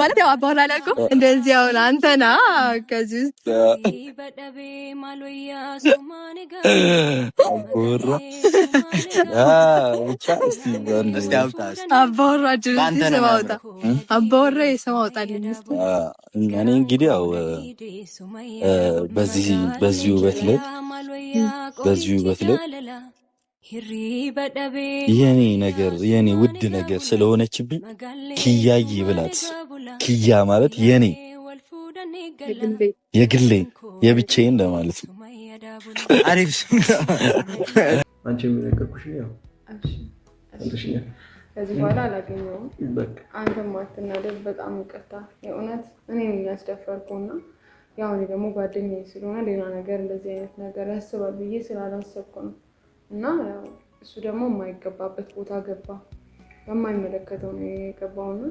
ማለት ያው አባባል አልኩ እንደዚህ አሁን አንተና ከዚህ ውስጥ አባወራ እንግዲህ ያው በዚህ በዚህ ውበት በዚህ ውበት የኔ ነገር የኔ ውድ ነገር ስለሆነችብኝ ኪያዬ ብላት ኪያ ማለት የኔ የግሌ የብቻዬ እንደማለት ነው። አንቺ የሚነገርኩሽ ያው ከዚህ በኋላ አላገኘውም። አንተም አትናደድ። በጣም ይቅርታ የእውነት እኔ ያስደፈርኩና ያው እኔ ደግሞ ጓደኛዬ ስለሆነ ሌላ ነገር እንደዚህ አይነት ነገር ያስባል ብዬ ስላላሰብኩ ነው እና እሱ ደግሞ የማይገባበት ቦታ ገባ። የማይመለከተው ነው የገባውና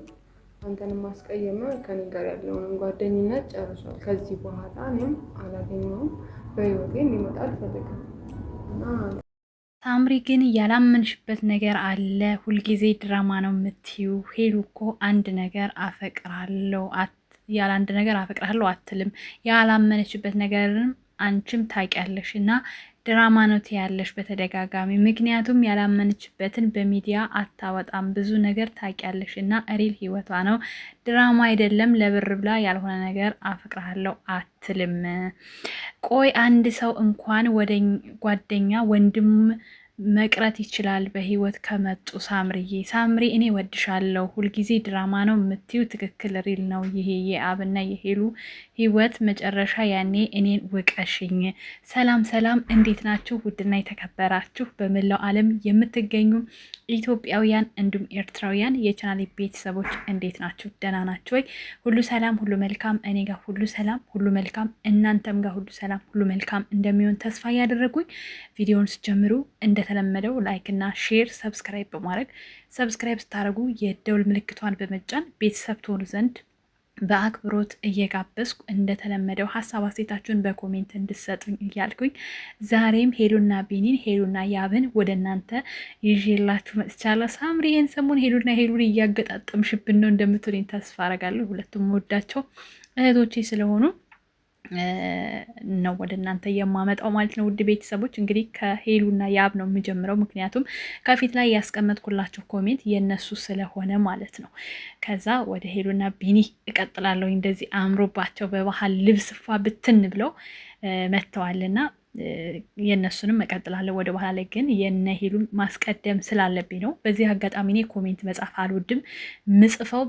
አንተን ማስቀየመ ከኔ ጋር ያለውንም ጓደኝነት ጨርሷል። ከዚህ በኋላ እኔም አላገኘውም፣ በህይወቴ እንዲመጣ አልፈልግም። ታምሪ ግን ያላመንሽበት ነገር አለ። ሁልጊዜ ድራማ ነው የምትዩ። ሄሉ እኮ አንድ ነገር አፈቅራለሁ ያለ አንድ ነገር አፈቅራለሁ አትልም። ያላመነችበት ነገርም አንቺም ታውቂያለሽ እና ድራማ ነው ትያለሽ በተደጋጋሚ። ምክንያቱም ያላመነችበትን በሚዲያ አታወጣም። ብዙ ነገር ታውቂያለሽ እና ሪል ህይወቷ ነው ድራማ አይደለም። ለብር ብላ ያልሆነ ነገር አፈቅርሃለሁ አትልም። ቆይ አንድ ሰው እንኳን ወደ ጓደኛ ወንድም መቅረት ይችላል በህይወት ከመጡ ሳምርዬ ሳምሪ እኔ ወድሻለሁ ሁልጊዜ ድራማ ነው የምትዩ ትክክል ሪል ነው ይሄ የአብና የሄሉ ህይወት መጨረሻ ያኔ እኔን ውቀሽኝ ሰላም ሰላም እንዴት ናችሁ ውድና የተከበራችሁ በመላው አለም የምትገኙ ኢትዮጵያውያን እንዲሁም ኤርትራውያን የቻናሌ ቤተሰቦች እንዴት ናችሁ ደህና ናችሁ ወይ ሁሉ ሰላም ሁሉ መልካም እኔ ጋር ሁሉ ሰላም ሁሉ መልካም እናንተም ጋር ሁሉ ሰላም ሁሉ መልካም እንደሚሆን ተስፋ እያደረጉኝ ቪዲዮውን ስጀምሩ እንደ እንደተለመደው ላይክ እና ሼር ሰብስክራይብ በማድረግ ሰብስክራይብ ስታደርጉ የደውል ምልክቷን በመጫን ቤተሰብ ትሆኑ ዘንድ በአክብሮት እየጋበዝኩ እንደተለመደው ሀሳብ አስተያየታችሁን በኮሜንት እንድሰጡኝ እያልኩኝ ዛሬም ሄሉና ቢኒን ሄሉና ያብን ወደ እናንተ ይዤላችሁ መጥቻለሁ። ሳምሪ ይህን ሰሞን ሄሉና ሄሉን እያገጣጠምሽብን ነው እንደምትሆን ተስፋ አረጋለሁ። ሁለቱም ወዳቸው እህቶቼ ስለሆኑ ነው ወደ እናንተ የማመጣው ማለት ነው። ውድ ቤተሰቦች እንግዲህ ከሄሉና የአብ ነው የምጀምረው፣ ምክንያቱም ከፊት ላይ ያስቀመጥኩላቸው ኮሜንት የነሱ ስለሆነ ማለት ነው። ከዛ ወደ ሄሉና ቢኒ እቀጥላለሁ። እንደዚህ አምሮባቸው በባህል ልብስ ፋ ብትን ብለው መጥተዋልና የእነሱንም እቀጥላለሁ ወደ በኋላ ላይ ግን የነ ሄሉን ማስቀደም ስላለብኝ ነው። በዚህ አጋጣሚ እኔ ኮሜንት መጻፍ አልወድም። ምጽፈው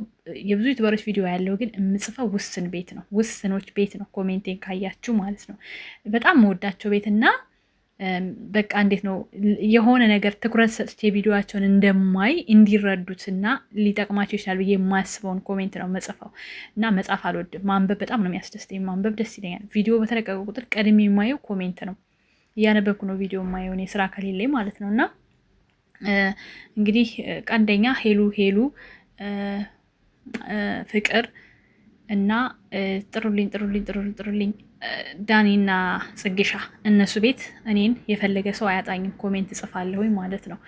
የብዙ ዩቱበሮች ቪዲዮ ያለው ግን ምጽፈው ውስን ቤት ነው፣ ውስኖች ቤት ነው። ኮሜንቴን ካያችሁ ማለት ነው በጣም መወዳቸው ቤት እና በቃ እንዴት ነው የሆነ ነገር ትኩረት ሰጥቼ ቪዲዮቸውን እንደማይ እንዲረዱትና ሊጠቅማቸው ይችላል ብዬ የማያስበውን ኮሜንት ነው መጽፈው እና መጻፍ አልወድም። ማንበብ በጣም ነው የሚያስደስተኝ። ማንበብ ደስ ይለኛል። ቪዲዮ በተለቀቀ ቁጥር ቀድሜ የማየው ኮሜንት ነው። እያነበብኩ ነው ቪዲዮ የማየው እኔ ስራ ከሌለኝ ማለት ነው። እና እንግዲህ ቀንደኛ ሄሉ ሄሉ ፍቅር እና ጥሩልኝ ጥሩልኝ ጥሩልኝ ጥሩልኝ ዳኒና ጽጌሻ እነሱ ቤት እኔን የፈለገ ሰው አያጣኝም። ኮሜንት እጽፋለሁኝ ማለት ነው።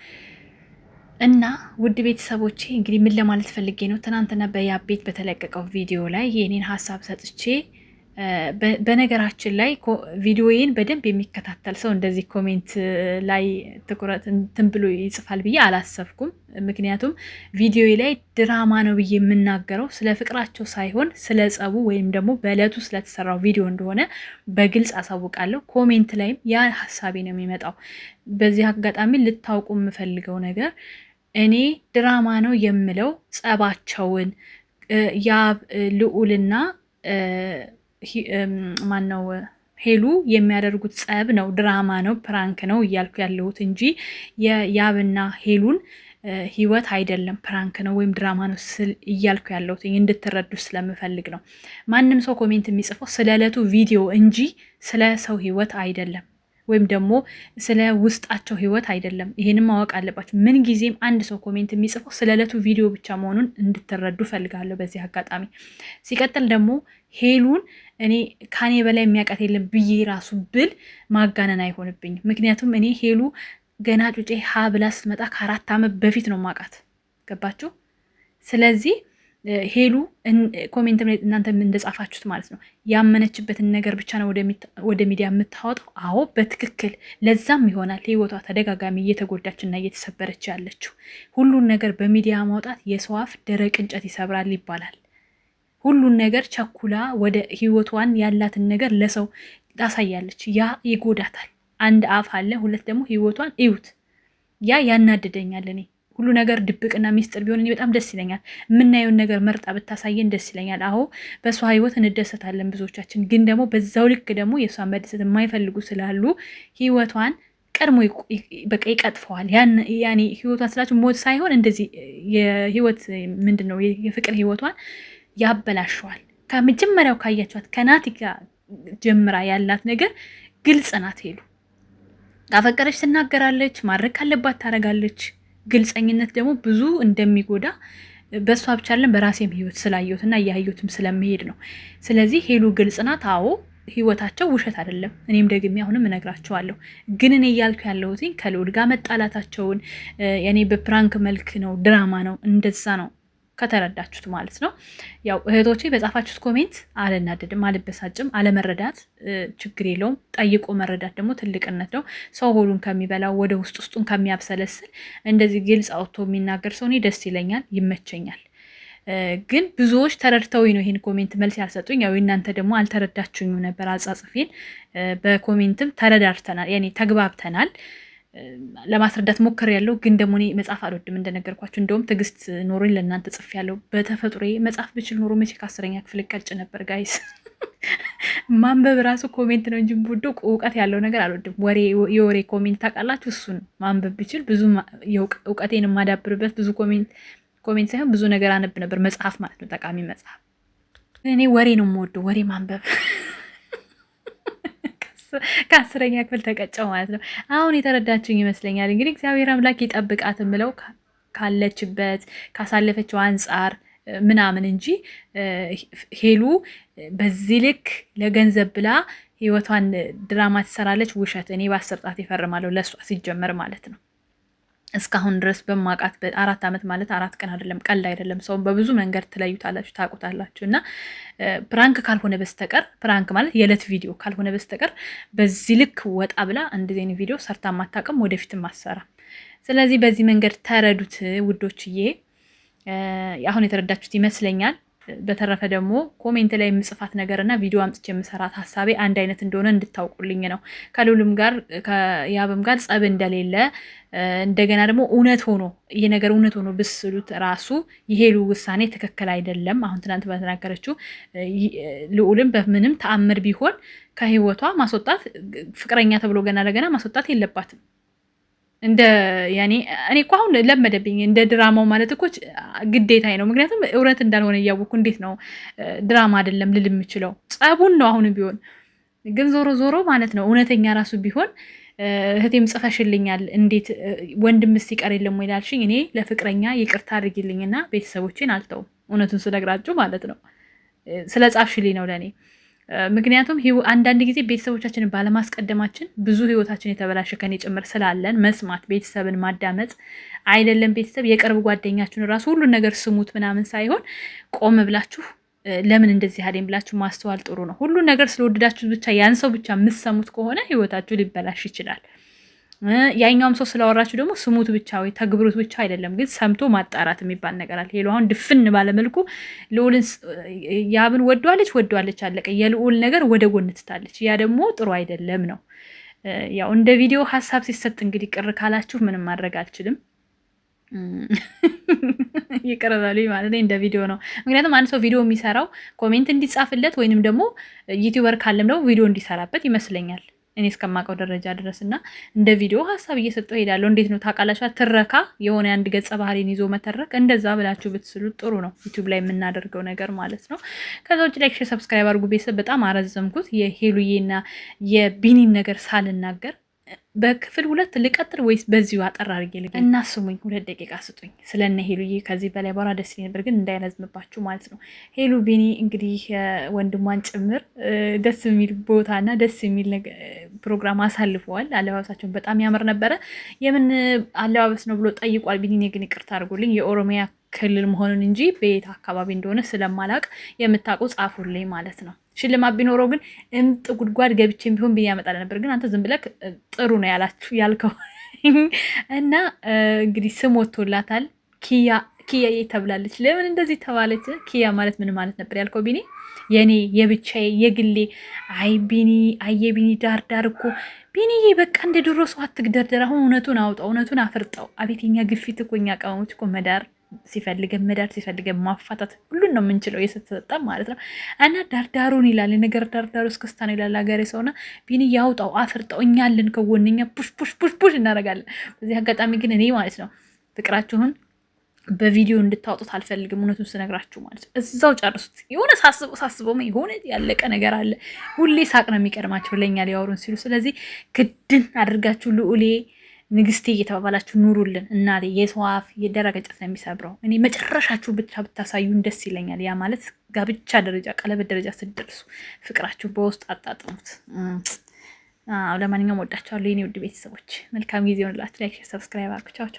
እና ውድ ቤተሰቦቼ እንግዲህ ምን ለማለት ፈልጌ ነው፣ ትናንትና በያቤት ቤት በተለቀቀው ቪዲዮ ላይ የእኔን ሀሳብ ሰጥቼ በነገራችን ላይ ቪዲዮዬን በደንብ የሚከታተል ሰው እንደዚህ ኮሜንት ላይ ትኩረት እንትን ብሎ ይጽፋል ብዬ አላሰብኩም። ምክንያቱም ቪዲዮ ላይ ድራማ ነው ብዬ የምናገረው ስለ ፍቅራቸው ሳይሆን ስለ ጸቡ ወይም ደግሞ በእለቱ ስለተሰራው ቪዲዮ እንደሆነ በግልጽ አሳውቃለሁ። ኮሜንት ላይም ያ ሀሳቤ ነው የሚመጣው። በዚህ አጋጣሚ ልታውቁ የምፈልገው ነገር እኔ ድራማ ነው የምለው ጸባቸውን ያ ልዑልና ነው ሄሉ የሚያደርጉት ጸብ ነው፣ ድራማ ነው፣ ፕራንክ ነው እያልኩ ያለሁት እንጂ የያብና ሄሉን ህይወት አይደለም። ፕራንክ ነው ወይም ድራማ ነው ስል እያልኩ ያለሁት እንድትረዱ ስለምፈልግ ነው። ማንም ሰው ኮሜንት የሚጽፈው ስለ ዕለቱ ቪዲዮ እንጂ ስለ ሰው ህይወት አይደለም። ወይም ደግሞ ስለ ውስጣቸው ህይወት አይደለም። ይሄንም ማወቅ አለባቸው። ምን ጊዜም አንድ ሰው ኮሜንት የሚጽፈው ስለ ዕለቱ ቪዲዮ ብቻ መሆኑን እንድትረዱ ፈልጋለሁ በዚህ አጋጣሚ። ሲቀጥል ደግሞ ሄሉን እኔ ከኔ በላይ የሚያውቃት የለም ብዬ ራሱ ብል ማጋነን አይሆንብኝ ምክንያቱም እኔ ሄሉ ገና ጩጬ ሀ ብላ ስትመጣ ከአራት ዓመት በፊት ነው ማውቃት። ገባችሁ? ስለዚህ ሄሉ ኮሜንት ላይ እናንተ እንደጻፋችሁት ማለት ነው ያመነችበትን ነገር ብቻ ነው ወደ ሚዲያ የምታወጣው። አዎ በትክክል ለዛም ይሆናል ህይወቷ ተደጋጋሚ እየተጎዳች እና እየተሰበረች ያለችው። ሁሉን ነገር በሚዲያ ማውጣት የሰው አፍ ደረቅ እንጨት ይሰብራል ይባላል። ሁሉን ነገር ቸኩላ ወደ ህይወቷን ያላትን ነገር ለሰው ታሳያለች። ያ ይጎዳታል። አንድ አፍ አለ፣ ሁለት ደግሞ ህይወቷን እዩት። ያ ያናድደኛል እኔ ሁሉ ነገር ድብቅና ሚስጥር ቢሆን እኔ በጣም ደስ ይለኛል። የምናየውን ነገር መርጣ ብታሳየን ደስ ይለኛል። አሁ በእሷ ህይወት እንደሰታለን ብዙዎቻችን። ግን ደግሞ በዛው ልክ ደግሞ የእሷን መደሰት የማይፈልጉ ስላሉ ህይወቷን ቀድሞ በቃ ይቀጥፈዋል። ያኔ ህይወቷን ስላችሁ ሞት ሳይሆን እንደዚህ የህይወት ምንድን ነው የፍቅር ህይወቷን ያበላሸዋል። ከመጀመሪያው ካያቸዋት ከናቲ ጋር ጀምራ ያላት ነገር ግልጽ ናት። ሄሉ ካፈቀረች ትናገራለች፣ ማድረግ ካለባት ታደርጋለች። ግልፀኝነት ደግሞ ብዙ እንደሚጎዳ በእሷ ብቻ አለን በራሴም ህይወት ስላየሁት እና እያየሁትም ስለመሄድ ነው። ስለዚህ ሄሉ ግልጽ ናት። አዎ ህይወታቸው ውሸት አይደለም። እኔም ደግሜ አሁንም እነግራቸዋለሁ። ግን እኔ እያልኩ ያለሁትኝ ከልዑል ጋር መጣላታቸውን እኔ በፕራንክ መልክ ነው ድራማ ነው እንደዛ ነው ከተረዳችሁት ማለት ነው። ያው እህቶቼ በጻፋችሁት ኮሜንት አልናደድም፣ አልበሳጭም። አለመረዳት ችግር የለውም። ጠይቆ መረዳት ደግሞ ትልቅነት ነው። ሰው ሆዱን ከሚበላው ወደ ውስጥ ውስጡን ከሚያብሰለስል እንደዚህ ግልጽ አውጥቶ የሚናገር ሰው እኔ ደስ ይለኛል፣ ይመቸኛል። ግን ብዙዎች ተረድተው ነው ይህን ኮሜንት መልስ ያልሰጡኝ። ያው እናንተ ደግሞ አልተረዳችሁኝ ነበር አጻጽፌን። በኮሜንትም ተረዳርተናል፣ ያኔ ተግባብተናል። ለማስረዳት ያለው ግን ደግሞ እኔ መጽሐፍ አልወድም እንደነገርኳችሁ። እንደውም ትዕግስት ኖሮኝ ለእናንተ ጽፍ ያለው በተፈጥሮ መጽሐፍ ብችል ኖሮ መቼ ከአስረኛ ክፍል ቀጭ ነበር ጋይስ። ማንበብ ራሱ ኮሜንት ነው እንጂ ቡዶ እውቀት ያለው ነገር አልወድም። ወሬ የወሬ ኮሜንት ታውቃላችሁ፣ እሱን ማንበብ ብችል ብዙ እውቀቴን የማዳብርበት ብዙ ኮሜንት ሳይሆን ብዙ ነገር አነብ ነበር። መጽሐፍ ማለት ነው፣ ጠቃሚ መጽሐፍ። እኔ ወሬ ነው የምወደው፣ ወሬ ማንበብ ከአስረኛ ክፍል ተቀጨው ማለት ነው። አሁን የተረዳችሁኝ ይመስለኛል። እንግዲህ እግዚአብሔር አምላክ ይጠብቃት ምለው ካለችበት ካሳለፈችው አንጻር ምናምን እንጂ ሄሉ በዚህ ልክ ለገንዘብ ብላ ህይወቷን ድራማ ትሰራለች። ውሸት እኔ በአስር ጣት ይፈርማለሁ ለእሷ ሲጀመር ማለት ነው። እስካሁን ድረስ በማውቃት አራት ዓመት ማለት አራት ቀን አይደለም፣ ቀልድ አይደለም። ሰውን በብዙ መንገድ ትለዩታላችሁ፣ ታውቁታላችሁ። እና ፕራንክ ካልሆነ በስተቀር ፕራንክ ማለት የዕለት ቪዲዮ ካልሆነ በስተቀር በዚህ ልክ ወጣ ብላ እንደዚህ ዓይነት ቪዲዮ ሰርታ ማታቅም ወደፊትም አትሰራም። ስለዚህ በዚህ መንገድ ተረዱት ውዶችዬ። አሁን የተረዳችሁት ይመስለኛል። በተረፈ ደግሞ ኮሜንት ላይ የምጽፋት ነገርና ቪዲዮ አምጥቼ የምሰራት ሀሳቤ አንድ አይነት እንደሆነ እንድታውቁልኝ ነው። ከሉልም ጋር ከያብም ጋር ጸብ እንደሌለ እንደገና ደግሞ እውነት ሆኖ ይሄ ነገር እውነት ሆኖ ብስሉት ራሱ የሄሉ ውሳኔ ትክክል አይደለም። አሁን ትናንት በተናገረችው ልዑልም በምንም ተአምር ቢሆን ከህይወቷ ማስወጣት ፍቅረኛ ተብሎ ገና ለገና ማስወጣት የለባትም። እንደ ያኔ እኔ እኮ አሁን ለመደብኝ እንደ ድራማው ማለት እኮ ግዴታ ነው። ምክንያቱም እውነት እንዳልሆነ እያወቅኩ እንዴት ነው ድራማ አይደለም ልል የምችለው? ጸቡን ነው አሁን ቢሆን ግን ዞሮ ዞሮ ማለት ነው እውነተኛ ራሱ ቢሆን እህቴም ጽፈሽልኛል፣ እንዴት ወንድምስ ይቀር የለም ወይ ላልሽኝ፣ እኔ ለፍቅረኛ ይቅርታ አድርጊልኝና ቤተሰቦቼን አልተውም። እውነቱን ስነግራችሁ ማለት ነው ስለ ጻፍሽልኝ ነው ለእኔ ምክንያቱም አንዳንድ ጊዜ ቤተሰቦቻችንን ባለማስቀደማችን ብዙ ህይወታችን የተበላሸ ከን ጭምር ስላለን መስማት፣ ቤተሰብን ማዳመጥ አይደለም ቤተሰብ የቅርብ ጓደኛችሁን ራሱ ሁሉን ነገር ስሙት ምናምን ሳይሆን ቆም ብላችሁ ለምን እንደዚህ አለኝ ብላችሁ ማስተዋል ጥሩ ነው። ሁሉን ነገር ስለወደዳችሁ ብቻ ያን ሰው ብቻ የምትሰሙት ከሆነ ህይወታችሁ ሊበላሽ ይችላል። ያኛውም ሰው ስላወራችሁ ደግሞ ስሙት ብቻ ወይ ተግብሩት ብቻ አይደለም፣ ግን ሰምቶ ማጣራት የሚባል ነገር አለ። ሄሎ አሁን ድፍን ባለመልኩ ልዑልን ያብን ወዷለች ወዷለች፣ አለቀ። የልዑል ነገር ወደ ጎን ትታለች። ያ ደግሞ ጥሩ አይደለም ነው። ያው እንደ ቪዲዮ ሀሳብ ሲሰጥ እንግዲህ ቅር ካላችሁ ምንም ማድረግ አልችልም። ይቀርበሉ ማለት እንደ ቪዲዮ ነው። ምክንያቱም አንድ ሰው ቪዲዮ የሚሰራው ኮሜንት እንዲጻፍለት ወይንም ደግሞ ዩቲዩበር ካለም ደግሞ ቪዲዮ እንዲሰራበት ይመስለኛል። እኔ እስከማውቀው ደረጃ ድረስ እና እንደ ቪዲዮ ሀሳብ እየሰጠው ይሄዳለሁ። እንዴት ነው ታውቃላችሁ? ትረካ የሆነ አንድ ገጸ ባህሪን ይዞ መተረክ እንደዛ ብላችሁ ብትስሉ ጥሩ ነው። ዩቱብ ላይ የምናደርገው ነገር ማለት ነው። ከዛ ውጭ ላይ ሰብስክራይብ አድርጉ ቤተሰብ። በጣም አረዘምኩት የሄሉዬና የቢኒን ነገር ሳልናገር በክፍል ሁለት ልቀጥል ወይስ በዚሁ አጠር አድርጌ ልግ እና ስሙኝ፣ ሁለት ደቂቃ ስጡኝ። ስለነ ሄሉዬ ከዚህ በላይ በኋላ ደስ ይለኝ ነበር፣ ግን እንዳይረዝምባችሁ ማለት ነው። ሄሉ ቤኒ እንግዲህ ወንድሟን ጭምር ደስ የሚል ቦታ እና ደስ የሚል ፕሮግራም አሳልፈዋል። አለባበሳቸውን በጣም ያምር ነበረ። የምን አለባበስ ነው ብሎ ጠይቋል ቢኒ። ግን ይቅርታ አድርጎልኝ የኦሮሚያ ክልል መሆኑን እንጂ በየት አካባቢ እንደሆነ ስለማላቅ የምታውቁ ጻፉልኝ ማለት ነው። ሽልማት ቢኖረው ግን እምጥ ጉድጓድ ገብቼ ቢሆን ብዬ ያመጣለ ነበር። ግን አንተ ዝም ብለህ ጥሩ ነው ያላችሁ ያልከው እና እንግዲህ ስም ወቶላታል ኪያ ኪያዬ ተብላለች። ለምን እንደዚህ ተባለች? ኪያ ማለት ምን ማለት ነበር ያልከው ቢኒ? የኔ የብቻዬ የግሌ። አይ ቢኒ አየ ቢኒ ዳር ዳር እኮ ቢኒዬ፣ በቃ እንደ ድሮ ሰው አትግደርደር። አሁን እውነቱን አውጣው እውነቱን አፍርጠው። አቤት የኛ ግፊት እኮ እኛ ቀመሞች እኮ መዳር ሲፈልገ መዳር ሲፈልገን ማፋታት ሁሉን ነው የምንችለው የስተሰጠ ማለት ነው። እና ዳርዳሩን ይላል የነገር ዳርዳሩ እስክስታ ነው ይላል ሀገሬ ሰውና ቢኒ ያውጣው አፍርጠው እኛ ከጎንኛ ፑሽ ፑሽ ፑሽ ፑሽ እናደርጋለን። በዚህ አጋጣሚ ግን እኔ ማለት ነው ፍቅራችሁን በቪዲዮ እንድታወጡት አልፈልግም። እውነቱን ስነግራችሁ ማለት ነው። እዛው ጨርሱት። የሆነ ሳስበው ሳስበው የሆነ ያለቀ ነገር አለ። ሁሌ ሳቅ ነው የሚቀድማቸው ለእኛ ሊያወሩን ሲሉ። ስለዚህ ግድን አድርጋችሁ ልዑሌ ንግስቴ እየተባባላችሁ ኑሩልን። እናቴ የሰው አፍ የደረቀ ጭስ ነው የሚሰብረው። እኔ መጨረሻችሁ ብቻ ብታሳዩን ደስ ይለኛል። ያ ማለት ጋብቻ ደረጃ፣ ቀለበት ደረጃ ስትደርሱ ፍቅራችሁ በውስጥ አጣጥሙት። ለማንኛውም ወዳችኋለሁ የኔ ውድ ቤተሰቦች፣ መልካም ጊዜ ሆንላችሁ። ላይክ፣ ሰብስክራይብ አርጉ።